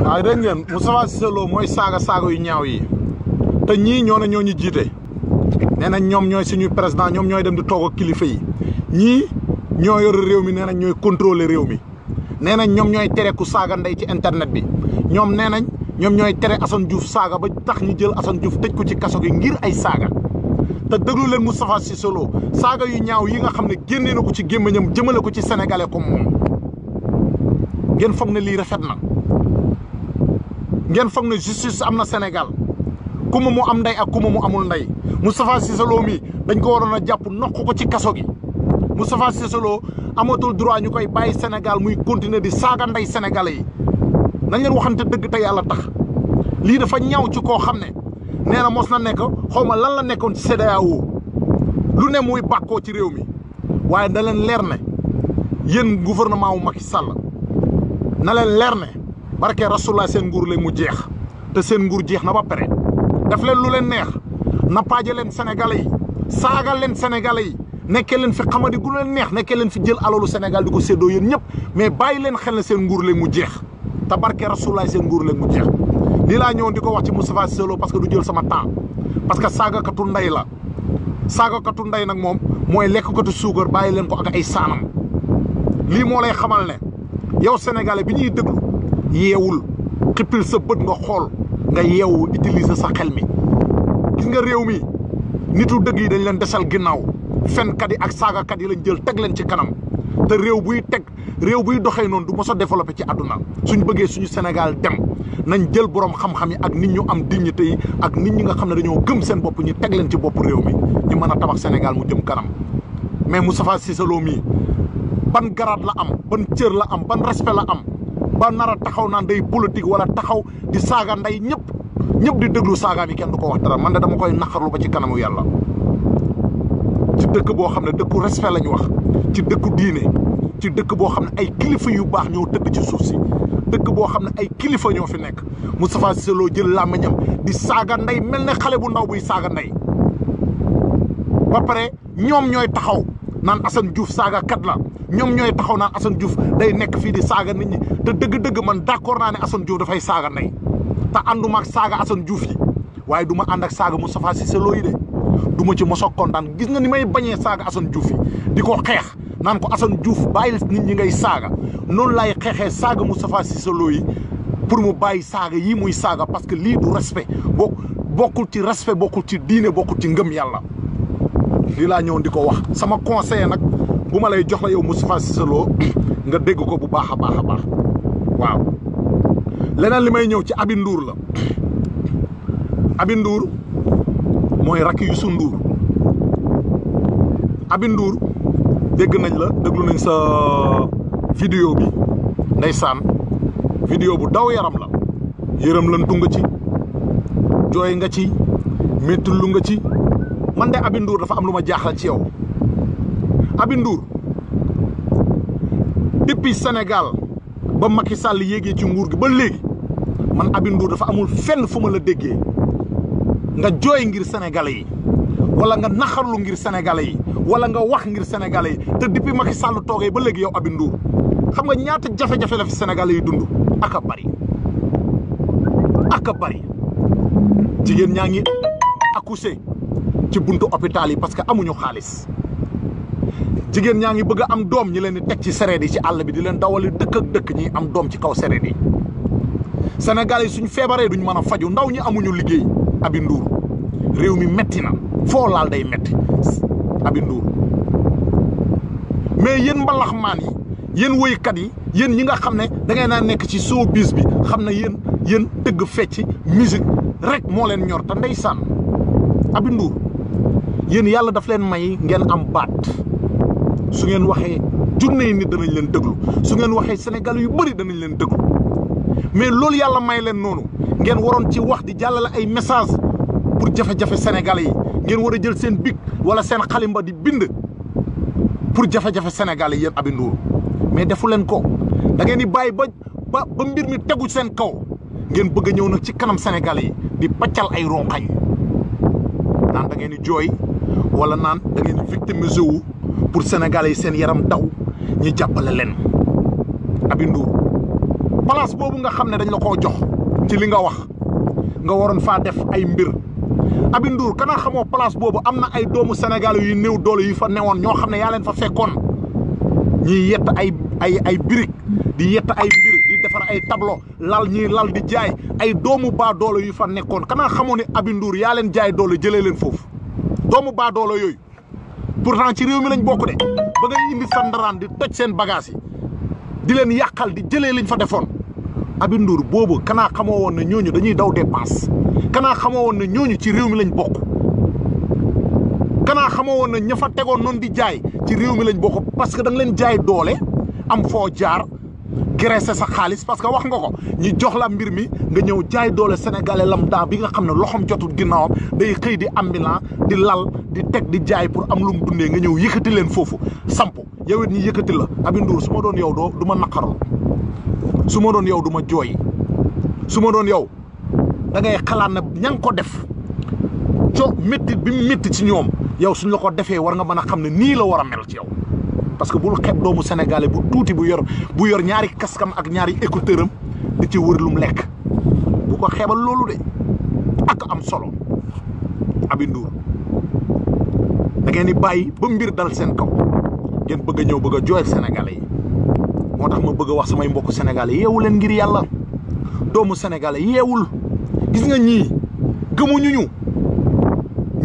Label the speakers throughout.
Speaker 1: waaw dégg ngeen Moustapha Cissé Lo mooy saaga saaga yu ñaaw yi te ñii ñoo ne ñoo ñu jiite nee na ñoom ñooy suñu président ñoom ñooy dem di toog kilifa yi ñii ñoo yor réew mi nee nañ ñooy contrôler réew mi nee nañ ñoom ñooy tere ku saaga ndey ci internet bi ñoom nee nañ ñoom ñooy tere Assane Diouf saaga ba tax ñu jël Assane Diouf tëj ko ci kaso gi ngir ay saaga te déglu leen Moustapha Cissé Lo saaga yu ñaaw yi nga xam ne génnee na ko ci gémmiñam jëmale ko ci sénégalais ko moom ngeen foog ne lii rafet na ngeen foog ne justice amna na Sénégal kuma mu am nday ak kuma mu amul nday Moustapha Cissé mi dañ ko warona japp nokko ko ci kasso gi Moustapha Cissé amatul droit ñukoy muy continuer di saga nday sénégalais yi nañ leen waxante deug te yalla tax li dafa ñaaw ci ko xam ne mos na nek xawma ma lan la nekkon ci cdao lu ne muy bakko ci réew mi waye da leen leer ne gouvernement wu Macky na leen leer barke rasulullah seen nguur la mu jeex te seen nguur jeex na ba pare daf leen lu leen neex nappaaje leen sénégalais yi saagal leen sénégalais yi nekkee leen fi xamadi gu leen neex nekkee leen fi jël alalu senegal di ko séddoo yéen ñëpp mais bàyyi leen xel ne seen nguur la mu jeex te barke rasulullah seen nguur la mu jeex lii laa ñëwoon di ko wax ci mu Cissé Lo parce que du jël sama temps parce que saagakatu ndey la saagakatu ndey nag moom mooy lekkatu suukar bàyyi leen ko ay saanam lii moo lay xamal ne yow sénégalais bi ñuy déglu yewul xippil sa bët nga xol nga yeewu utiliser sa xel mi gis nga rew mi nitu deug yi dañ leen desal fen kat yi ak kat yi lañ jël teg leen ci kanam te rew buy teg rew buy doxé non du mësa développer ci aduna suñ bëggé suñu sénégal dem nañ jël borom xam-xam yi ak nit ñu am dignité yi ak nit ñi nga xam na dañoo gëm seen bop ñu teg leen ci bop rew mi ñu mëna tabax sénégal mu jëm kanam mais moustapha cissé lo ban garat la am ban cër la am ban respect la am ba nara a taxaw naan day politique walla taxaw di saaga nday ñëpp ñëpp di déglu saagaam yi kenn du ko wax dara man de dama koy naqarlu ba ci kanamu yàlla. ci dëkk boo xam ne dëkku respect lañu wax ci dëkku diine ci dëkk boo xam ne ay kilifa yu baax ñoo tëdd ci suuf si dëkk boo xam ne ay kilifa ñoo fi nekk Moustapha Cissé Lo jël làmmiñam di saaga ndey mel ne xale bu ndaw buy saaga ndey ba pare ñoom ñooy taxaw naan Assane Diouf saaga la ñoom ñooy taxaw naan Assane Diouf day nekk fii di saaga nit te deug deug man d'accord na ne Assane Diouf da fay saga nay ta anduma ak saga Assane Diouf yi waye duma and ak saga mustapha Cissé loy de duma ci moso contane gis nga ni may bañé saga Assane Diouf yi diko xex nan ko Assane Diouf bayil nit ñi ngay saga non lay xexé saga mustapha Cissé loy pour mu bayyi saga yi muy saga parce que li du respect bok bokul ci respect bokul ci diiné bokul ci ngëm yalla li la ñëw diko wax sama conseil nak buma lay jox la yow mustapha Cissé lo nga dégg ko bu baaxa baaxa baax waaw leneen li may ñëw ci abi ndour la abi nduur mooy rakk yusu nduur abi ndour dégg nañ la déglu nañ sa vidéo bi ndaysan vidéo bu daw yaram la yërëm lantu tung ci joy nga ci métti lu nga ci man de abi ndour dafa am luma jaxal ci yow abi ndour depuis senegal ba Macky Sall yéegee ci nguur gi ba légui man Aby Ndour dafa amul fenn fuma la déggé nga joy ngir sénégalais yi wala nga naxarlu ngir sénégalais yi wala nga wax ngir sénégalais yi te depuis Macky Sall togué ba légui yow Aby Ndour xam nga ñaata jafé jafé la fi sénégalais yi dund ak bari ak bari jigéen ñaa ngi ci buntu hôpital yi parce que amuñu xaliss jigéen ñaa ngi bëgg am doom ñi leen di teg ci sereet yi ci àll bi di leen dawali dëkk ak dëkk ñi am doom ci kaw sereet yi Sénégal yi suñ feebaree duñ mën a faju ndaw ñi amuñu liggéey abi réew mi metti na foo laal day metti abi mais yéen mbalax maan yi yéen woykat yi yéen ñi nga xam ne da ngay naa nekk ci showbiz bi xam ne yéen yéen tëgg fecc misik rek moo leen ñor te ndeysaan abi nduur yéen yàlla daf leen may ngeen am baat su ngeen waxee na junne nit danañ leen déglu su ngeen waxee Sénégal yu bëri danañ leen déglu mais loolu yàlla may leen noonu ngeen waroon ci wax di jàllale ay message pour jafe-jafe sénégalais yi ngeen war a jël seen bic wala seen xalimba di bind pour jafe-jafe sénégalais yéen Aby Ndour mais defu leen ko da ngeen di bàyyi ba ba ba mbir mi tegu seen kaw ngeen bëgg a ñëw nag ci kanam sénégalais yi di paccal ay rongañ naan da di jooy walla naan da ngeen di pour sénégalais yi seen yaram daw ñu jàppale leen Aby Ndour place boobu nga xam ne dañ la ko jox ci li nga wax nga waroon faa def ay mbir Aby Ndour kanaa xamoo place boobu am na ay doomu sénégalais yu néew doole yu fa newoon ñoo xam ne yaa leen fa fekkoon ñiy yett ay ay ay birig di yett ay mbir di defar ay tablo lal ñiy lal di jaay ay doomu baa doole yu fa nekkoon kanaa xamoo ni Aby Ndour yaa leen jaay doole jëlee leen foofu doomu baa doole yooyu pour pourtant ci réew mi lañ bokk de ba ngay indi sa di toj seen bagage yi di leen yàqal di jëlee liñ fa defoon Aby Ndour boobu kanaa xamoo woon na ñooñu dañuy daw dépense kanaa xamoo woon na ñooñu ci réew mi lañ bokk kanaa xamoo woon ne ña fa tegoon noonu di jaay ci réew mi lañ bokk parce que da leen jaay doole am foo jaar graisser sa xaalis parce que wax nga ko ñu jox la mbir mi nga ñëw jaay doole sénégalais lambda bi nga xam ne loxoom jotul ginnaawam day xëy di am ambulance di lal di teg di jaay pour am lu mu dundee nga ñëw yëkkati leen foofu samp yow ñi ñu la Aby su ma doon yow doo du ma naqaral su ma doon yow du ma jooy su ma doon yow dangay xalaat na ña nga ko def co métti bi métti ci ñoom yow suñ la ko defee war nga mën a xam ne nii la war a mel ci yow parce que bul xeb doomu sénégalais bu touti bu yor bu yor ñaari kaskam ak ñaari écouteur di ci wër lum lek bu ko xébal lolu de ak am solo abi ndour da ngeen di bayyi ba mbir dal sen kaw ngeen bëgg ñëw bëgg joy sénégalais yi moo ma bëgg wax samay mbokk sénégalais yeewu len ngir yalla doomu sénégalais yewul gis nga ñu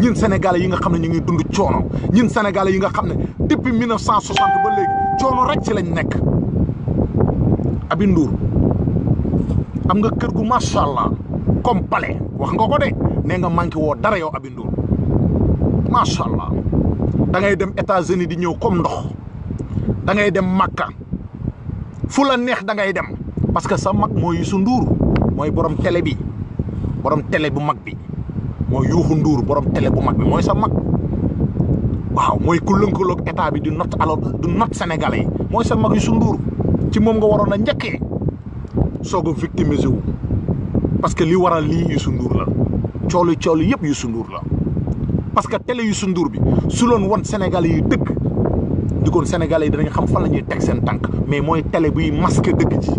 Speaker 1: ñun sénégalais yi nga xam ne ñu ngi dund coono ñun sénégalais yi nga xam ne depuis 1960 ba léegi coono rek ci lañ nekk. abinduur Ndour am nga kër gu macha allah comme pale wax nga ko de nee nga manqué woo dara yow Aby Ndour macha allah da ngay dem États-Unis di ñëw comme ndox da ngay dem Makka fu la neex da ngay dem parce que sa mag mooy Youssou Ndour mooy borom tele bi borom télé bu mag bi. mooy yuuxu nduur borom télé bu mag bi mooy sa mag waaw mooy ku lënkaloog bi du not alors du not senegal yi mooy sa mag yu nduur ci moom nga waroon a njëkk soog a victimisé wu parce que li waral lii yu nduur la coolu coolu yëpp yu su nduur la parce que télé yu su nduur bi su loon won sénégalais yi dëkk di koon sénégalais yi dinañ xam fan la ñuy teg seen tànk mais mooy télé buy masque dëkk ji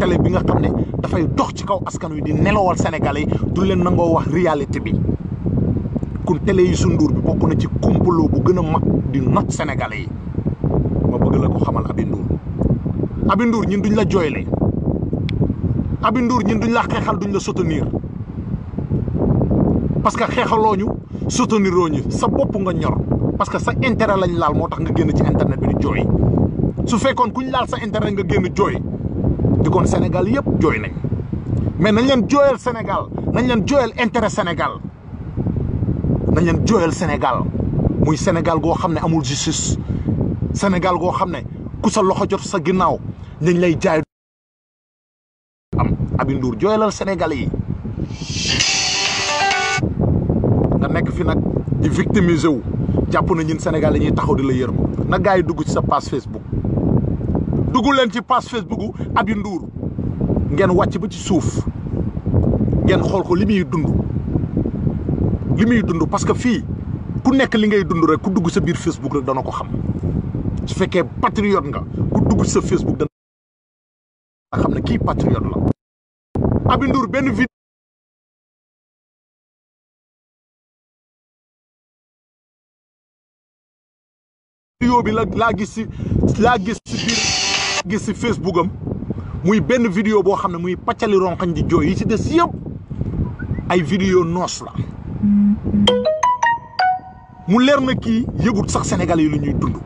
Speaker 1: sénégalais bi nga xam ne fay dox ci kaw askan wi di nelawal sénégalais du len nango wax réalité bi kun télé yi sunduur bi bokku na ci kumpaloo bu gëna mag di not sénégalais yi ma bëgg la ko xamal abi nduur abi nduur ñun duñ la jooyle abi nduur ñun duñ la xéxal duñ la soutenir parce que xéxaloñu soutenir roñu sa bop nga ñor parce que sa intérêt lañ laal motax nga génn ci internet bi di joy su fekkoon kuñ laal sa intérêt nga génn joy di kon Sénégal yëpp jooy nañ mais nañ leen jooyal Sénégal nañ leen jooyal intérêt Sénégal nañ leen jooyal Sénégal muy Sénégal goo xam ne amul justice Sénégal goo xam ne ku sa loxo jot sa ginnaaw nañ lay jaay am Aby Ndour jooyalal Sénégal yi nga nekk fii nag di victimiser wu jàpp na ñun Sénégal yi ñuy taxaw di la yërëm na gaa yi dugg ci sa page Facebook dugg leen ci page Facebook gu Aby Ndour ngeen wàcc ba ci suuf ngeen xool ko li muy dund li parce que fii ku nekk li ngay dund rek ku dugg sa biir Facebook rek dana ko xam su fekkee patriote nga ku dugg sa Facebook dana xam ne kii patriote la Aby Ndour benn vidéo vidéo bi la gis si gis si biir gis ci facebook am muy benn vidéo boo xam ne muy paccali ronxañ di jooy yi ci des yëpp ay vidéo noos la mu leer na kii yëgut sax sénégalais yi lu ñuy dund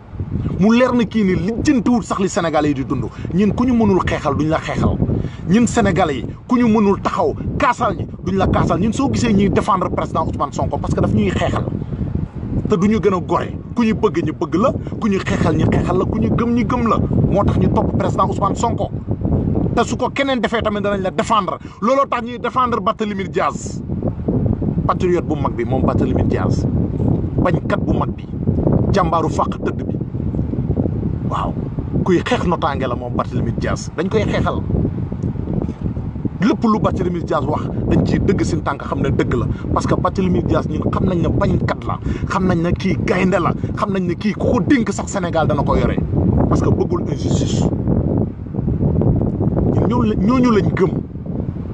Speaker 1: mu leer na kii ni lijjantiwut sax li sénégalais yi di dund ñin ku ñu mënul xeexal duñ la xeexal ñin sénégalais yi ku ñu mënul taxaw kaasal ñi duñ la kaasal ñin soo gisee ñuy défendre président Ousmane Sonko parce que daf ñuy xeexal te duñu gën a gore ku ñu bëgg ñu bëgg la ku ñu xeexal ñu xeexal la ku ñu gëm ñu gëm la moo tax ñu topp président Ousmane Sonko te su ko keneen defee tamit danañ la défendre looloo tax ñuy défendre Barthélémy Dias patriote bu mag bi moom Barthélémy Dias bañkat bu mag bi jàmbaaru fàq tëdd bi waaw kuy xeex notaange la moom Barthélémy Dias dañ koy xeexal. lépp lu Barthélémy Dias wax dañ ciy dëgg seen tànk xam na dëgg la parce que Barthélémy Dias ñun xam nañ ne bañkat la xam nañ ne kii gaynde la xam nañ ne kii ku ko dénk sax Sénégal dana ko yore parce que bëggul injustice ñun ñooñu lañ gëm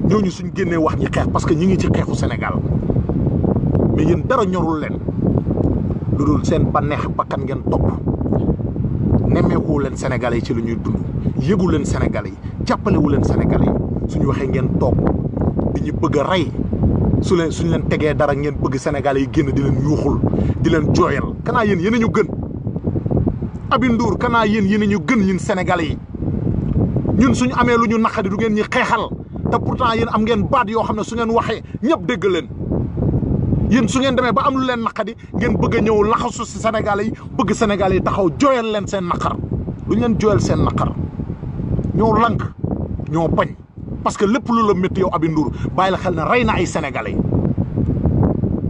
Speaker 1: ñooñu suñ génnee wax ñi xeex parce que ñu ngi ci xeexu Sénégal mais yéen dara ñorul leen lu dul seen bànneex bakkan ngeen topp nemmeeku leen Sénégalais yi ci lu ñuy dund yëgu leen Sénégalais yi jàppalewu leen Sénégalais yi. suñu waxe ngeen tok di ñu bëgg ray su leen suñu leen tegee dara ngeen bëgg Sénégal yi génn di leen yuuxul di leen joyal kana yeen yeen ñu gën abi nduur kanaa yeen yéen ñu gën yéen Sénégal yi ñun suñu amé luñu ñu du ngeen ñi xéxal te pourtant yeen am ngeen baat yo xamné ne su ngeen waxee ñëpp dégg leen yeen su ngeen démé ba am lu leen naqadi ngeen bëgg ñëw laxasu ci Sénégal yi bëgg Sénégal yi taxaw joyal leen seen naqar duñ leen joyal seen naqar ñoo lank ñoo bañ parce que lépp lu la métti yow Aby Ndour bàyyi la xel na rey na ay sénégalais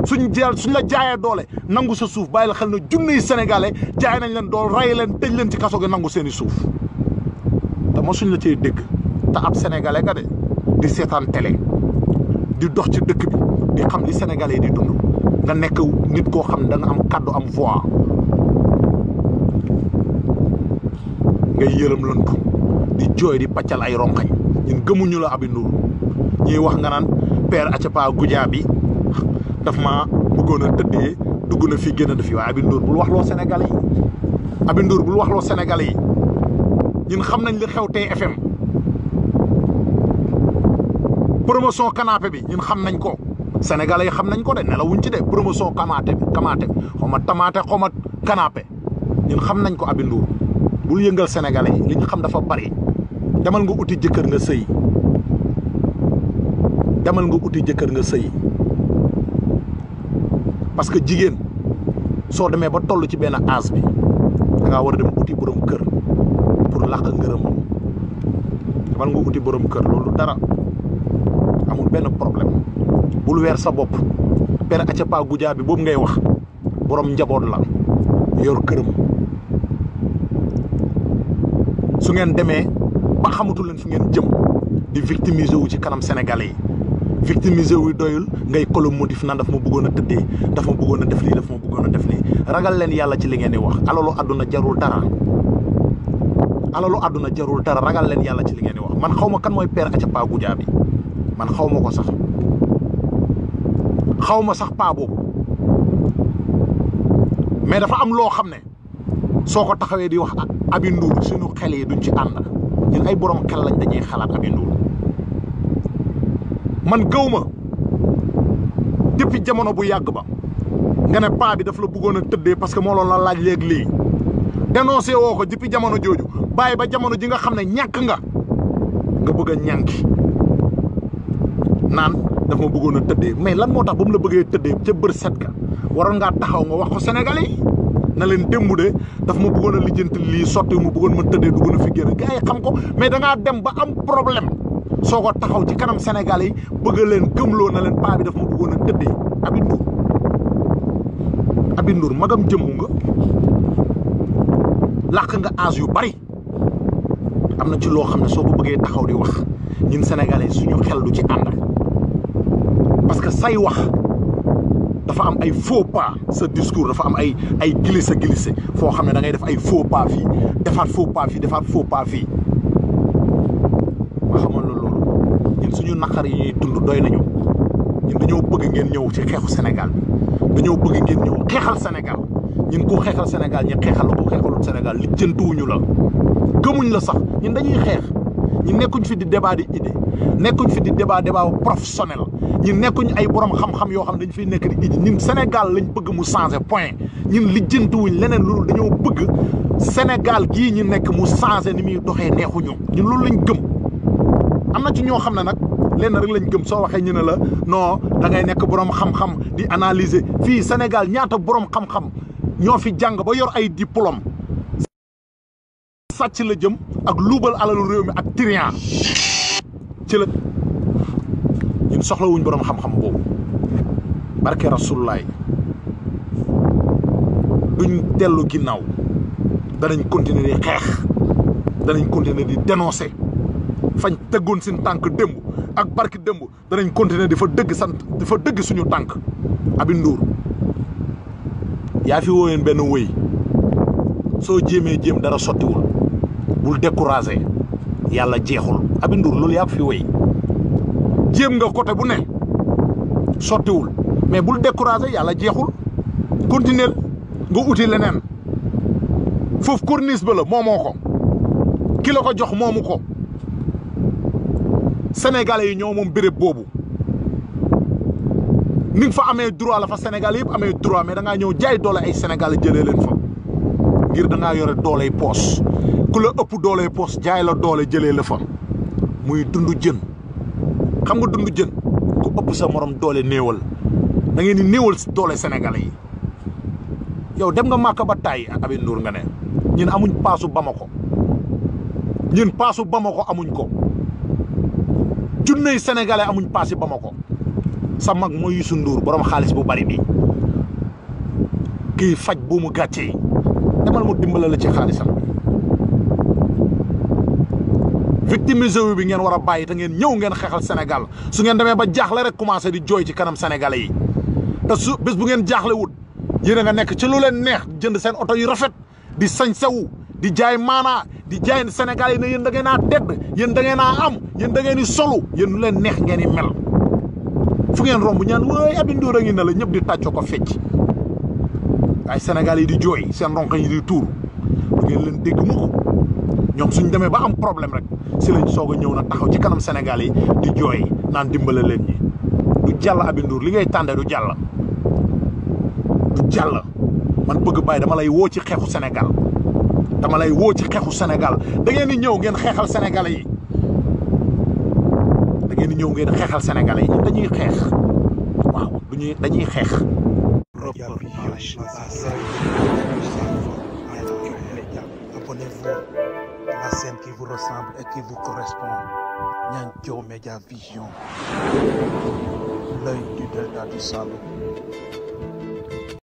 Speaker 1: suñ jël suñ la jaayee doole nangu sa suuf bàyyi la xel ne junniy sénégalais jaay nañ leen dool rey leen tëj leen ci kaso gi nangu seen i suuf te mosuñ la cay dëkk te ab sénégalais nga de di seetaan tele di dox ci dëkk bi di xam li sénégalais di dund nga nekk nit koo xam ne nga am kàddu am voix nga yërëm lëntu di jooy di paccal ay rongañ ñun gëmuñu la Aby Ndour wax nga naan père Acapa Goudia bi daf ma bëggoon a tëddee dugg na fii génn fi waaye Aby Ndour bul wax loo Sénégalais yi Aby xam nañ li xew TFM promotion canapé bi ñun xam nañ ko Sénégalais yi xam nañ ko de ne ci de promotion kamaate bi kamaate xaw tamaate xaw kanaape canapé xam nañ ko Aby Ndour bul yëngal Sénégalais yi li xam dafa bari damal nga uti jëkkër nga sey damal nga uti jëkkër nga sey parce que jigen so démé ba tollu ci ben as bi da nga wara dem uti borom kër pour laq ngeureum damal nga uti borom kër lolu dara amul ben problème bul wër sa bopp père pa guja bi boobu ngay wax borom njabot la yor kërëm su ngeen démé ba xamatu leen fi ngeen jëm di victimiser wu ci kanam sénégalais yi victimiser wu doyul ngay kolom modif na daf ma bëggona tëddé tëddee daf ma bëggoon def li daf ma bëggona def li ragal leen yalla ci li ngeen di wax alalu aduna jarul dara alalu aduna jarul dara ragal leen yalla ci li ngeen di wax man xawma kan moy père aca pa guja bi man xawma ko sax xawma sax pa boobu mais dafa am lo xamné soko taxawé di wax abi suñu xel yi duñ ci ànd ñun ay borom xel lañ dañuy xalaat Aby Ndour man gëw ma depuis jamono bu yàgg ba nga ne paa bi daf la bëggoon tëddee parce que moo loolu la laaj léegi lii dénoncé sewoo ko depuis jamono jooju bàyyi ba jamono ji nga xam ne ñàkk nga nga bëgg ñànki naan daf ma bëggoon tëddee mais lan moo tax ba mu la bëggee tëddee ca bër set ka waroon ngaa taxaw nga wax ko Sénégalais na leen démb de daf ma buggoon a lijjanti lii sotti mu bëggoon ma tëddee duggoon a fi génn gars xam ko mais da dem ba am problème soo ko taxaw ci kanam Sénégalais yi bëgg leen gëmloo na leen paa bi daf ma bëggoon a tëddee Aby Ndour Aby Ndour magam jëmmu nga làq nga âge yu bari am na ci loo xam ne soo ko bëggee taxaw di wax ñun Sénégalais suñu xel du ci ànd parce que say wax. Il am ay pas ce discours il am ay ay glisser glisser Il xamné da ngay def ay faux pas Il ne faux pas fi ne faux pas Il ma xamal lo lolu ñun suñu yi ñuy doy nañu ñun dañoo bëgg ngeen ñëw ci xexu Sénégal dañoo bëgg ngeen ñëw xexal Sénégal ñun ko xexal Sénégal ñi xexal xexal Sénégal li wuñu la gëmuñ la sax ñun dañuy xex ñu nekkuñ fi di débat di idée nekkuñ fi di débat débat professionnel ñun nekkuñu ay borom xamxam yoo xam dañu fiy nekk di iji ñun Sénégal lañ bëgg mu changé point ñun lijjantiwuñ leneen lu dañoo bëgg senegal gii ñu nekk mu changé ni muy doxee neexuñu ñun loolu lañ gëm am na ci ñoo xam ne nag lenn rek lañ gëm soo waxee ñu ne la noo da ngay nekk borom xam-xam di analyser fii senegal ñaata borom xam-xam ñoo fi jàng ba yor ay diplôme sàcc la jëm ak luubal alalu réew mi ak trian ci la ñun soxlawuñ boroom xam-xam boobu barke rasulullaay duñ dellu ginnaaw danañ continuer di xeex danañ continuer di dénoncer fañ teggoon seen tànk démb ak barki démb danañ continuer di fa dëgg sant di fa dëgg suñu tànk abi nduur yaa fi wooyeen benn wëy soo jéemee jéem dara sottiwul bul découragé yàlla jeexul abi nduur loolu yaa fi wëy jéem nga côté bu ne sottiwul mais bul découragé yàlla jeexul continuel nga uti leneen foofu corniche ba la moomoo ko kilo ko jox moomu ko sénégalais yi ñoo moom béréb boobu ni nga fa amee droit la fa senegal yëpp amee droit mais da ngaa ñëw jaay doole ay sénégalais jëlee leen fa ngir da yore dooley poos ku la ëpp dooley poos jaay la doole jëlee la fa muy dund jën xam nga dund jën ku ëpp sa morom doole néewal da ngeen di néewal doole Sénégalais yi yow dem nga màkk ba tàyyi ak Aby Ndour nga ne ñun amuñ paasu Bamako ñun paasu Bamako amuñ ko junney sénégalais amuñ paasi Bamako sa mag mooy Youssou nduur borom xaalis bu bari nii kii faj buumu gàcce yi demal mu dimbala la ci xaalisam victimiser wu bi ngeen wara baye bàyyi te ngeen ñew ngeen xexal Sénégal su ngeen demee ba jaxlé rek commencé di joy ci kanam sénégalais yi te su bés bu ngeen jaxlé wut yéen nga nek ci lu leen neex jënd seen auto yu rafet di sañ sewu di jaay mana di jaay sénégalais yi ne yeen da ngeen naa tedd yéen da ngeen naa am yeen da ngeen di solu yéen lu leen neex ngeen di mel fu ngeen rombu ñaan way Aby Ndour a ngi ne la ñëpp di tàccoo ko fecc ay sénégalais yi di joy seen ronkay di tour ngeen leen dégg ko ñoom suñ demee ba am problème rek si lañ soog a ñëw na taxaw ci kanam Sénégal yi di jooy naan dimbale leen ñi du jàll Aby li ngay tànde du jàll du jàll man bëgg bàyyi dama lay woo ci xeexu senegal dama lay woo ci xeexu senegal da di ñëw ngeen xeexal senegal yi da di ñëw ngeen xeexal senegal yi dañuy xeex waaw dañuy xeex. abonnez-vous qui vous ressemble et qui vous correspond. Nyanjo Media Vision, l'œil du delta du Salut.